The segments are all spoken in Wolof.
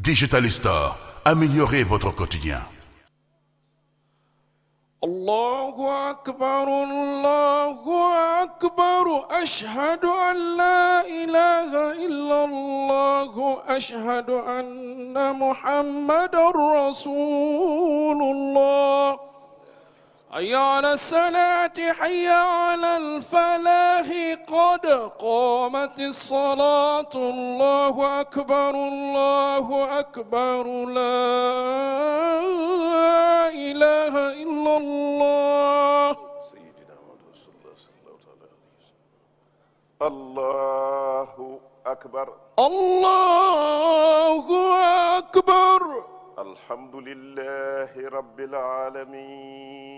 Digital votre quotidien. Allahu akbar, Allahu akbar, ashhadu an la ilaha illallah, ashhadu anna Muhammadan Rasulullah. حي على الصلاة حي على الفلاح قد قامت الصلاة الله أكبر الله أكبر لا إله إلا الله سيدنا رسول الله صلى الله عليه وسلم الله أكبر الله أكبر الحمد لله رب العالمين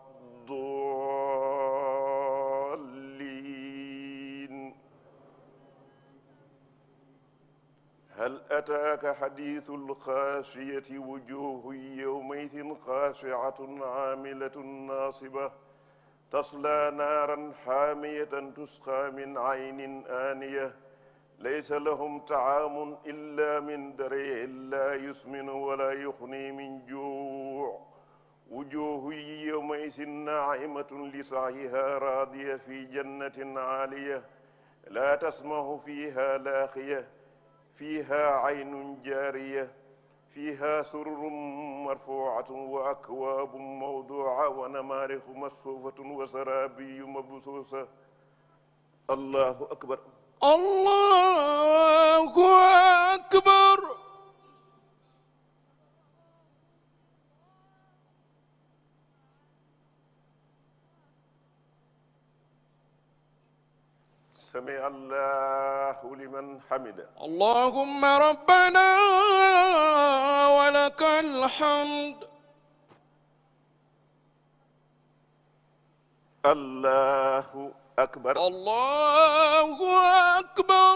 هل أتاك حديث الخاشية وجوه يومئذ خاشعة عاملة ناصبة تصلى نارا حامية تسقى من عين آنية ليس لهم طعام إلا من دريع لا يسمن ولا يغني من جوع وجوه يومئذ ناعمة لسعيها راضية في جنة عالية لا تسمع فيها لاخية فيها عين جارية فيها سرر مرفوعة وأكواب موضوعة ونمارق مصفوفة وزرابي مبثوثة الله أكبر الله أكبر سمع الله لمن حمده اللهم ربنا ولك الحمد الله أكبر الله أكبر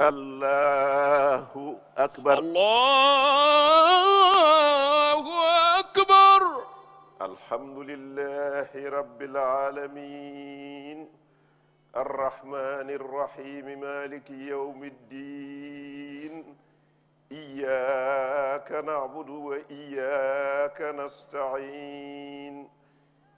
الله أكبر الله أكبر الحمد لله رب العالمين الرحمن الرحيم مالك يوم الدين إياك نعبد وإياك نستعين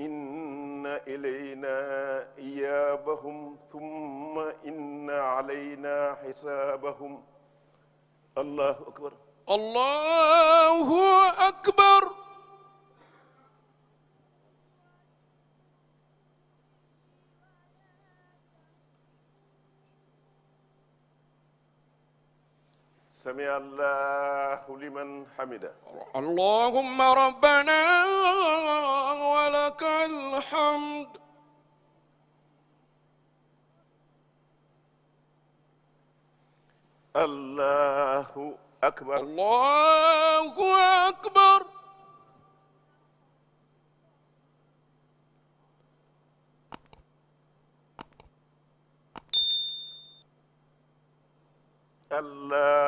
إن إلينا إيابهم ثم إن علينا حسابهم الله أكبر الله أكبر سمع الله لمن حمده اللهم ربنا ولك الحمد الله أكبر الله أكبر الله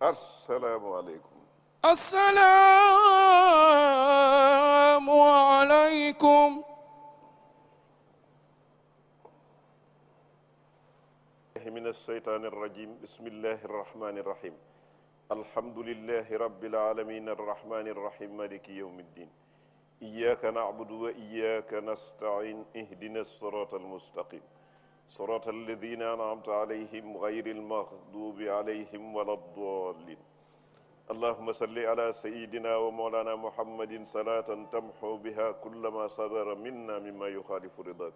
asalaamualeykum. asalaamualeykum. min alsheytaani alrajim bismillahi arrahmani irrahim alhamdulilahi rabilalamin arrahmani irrahim maliki yowm ddin iyaka nacbudu wa iyaka nastain ihdina alsirat almustaqim صراط الذين أنعمت عليهم غير المغضوب عليهم ولا الضالين اللهم صل على سيدنا ومولانا محمد صلاة تمحو بها كل ما صدر منا مما يخالف رضاك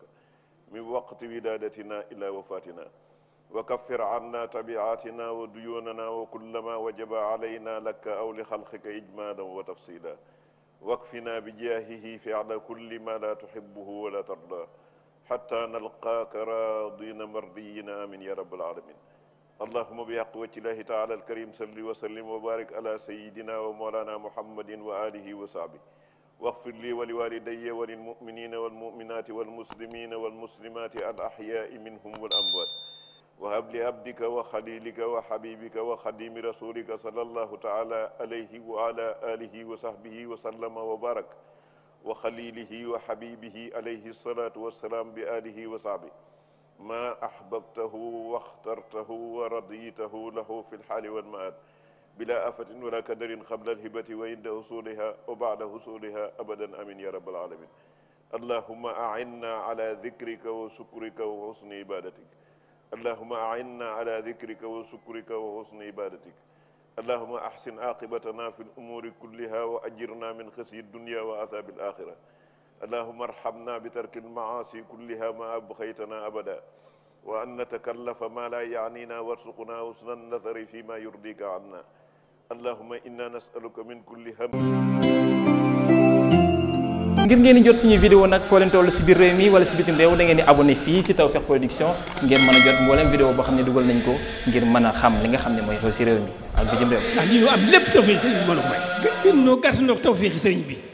من وقت ولادتنا إلى وفاتنا وكفر عنا تبعاتنا وديوننا وكل ما وجب علينا لك أو لخلقك إجمالا وتفصيلا واكفنا بجاهه فعل كل ما لا تحبه ولا ترضاه xatta nalqaaka raadina mardiyina amin ya rabbal alamin allahuma bi haq wajhillahi taala alkarim salli wa sallim wa barik ala sayidina wa mawlana muhammadin wa alihi wa sahbi واغفر لي ولوالدي وللمؤمنين والمؤمنات والمسلمين والمسلمات الأحياء منهم والأموات وهب لعبدك وخليلك وحبيبك وخديم رسولك صلى الله تعالى عليه وعلى آله وصحبه وسلم وبارك wa xalilihi wa xabibihi alayhi salaatu wassalaam bi alihi wa sahbi maa ahbabtahu waxtartahu wa radiytahu lahu fi lxaali walmaad bila afatin wala kadarin qabla alhibati wa inda husuliha wa bada husuliha abadan amin ya rabbal alamin allahuma ainna ala dikrika wa sukrika wa husni ibadatik allahuma ainna ala dikrika wa sukrika wa husni ibadatik allahuma ahsin aqibatana fi lumuuri kulliha wa ajirna min xasyi dunia wa azabi alaxira allahuma arhamna bi tarki lmaasi kulliha ma abxaytana abada wa an natakallafa ma la yaanina warsuqna husna nazari fi ma yurdika anna allahuma inna nasaluka min kulli ham ngir ngeen di jot suñu vidéo nag foo leen toll si biir réew mi wala si bitim réew da ngeen di abonné fii si Tawfekh Production ngeen mën a jot mboolem vidéo boo xam ne dugal nañ ko ngir mën a xam li nga xam ne mooy xew si réew mi ak bitim réew. waaw ah, lii ñu am lépp tawfeex sëriñ bi may. gën noo gàtt noo tawfeex bi.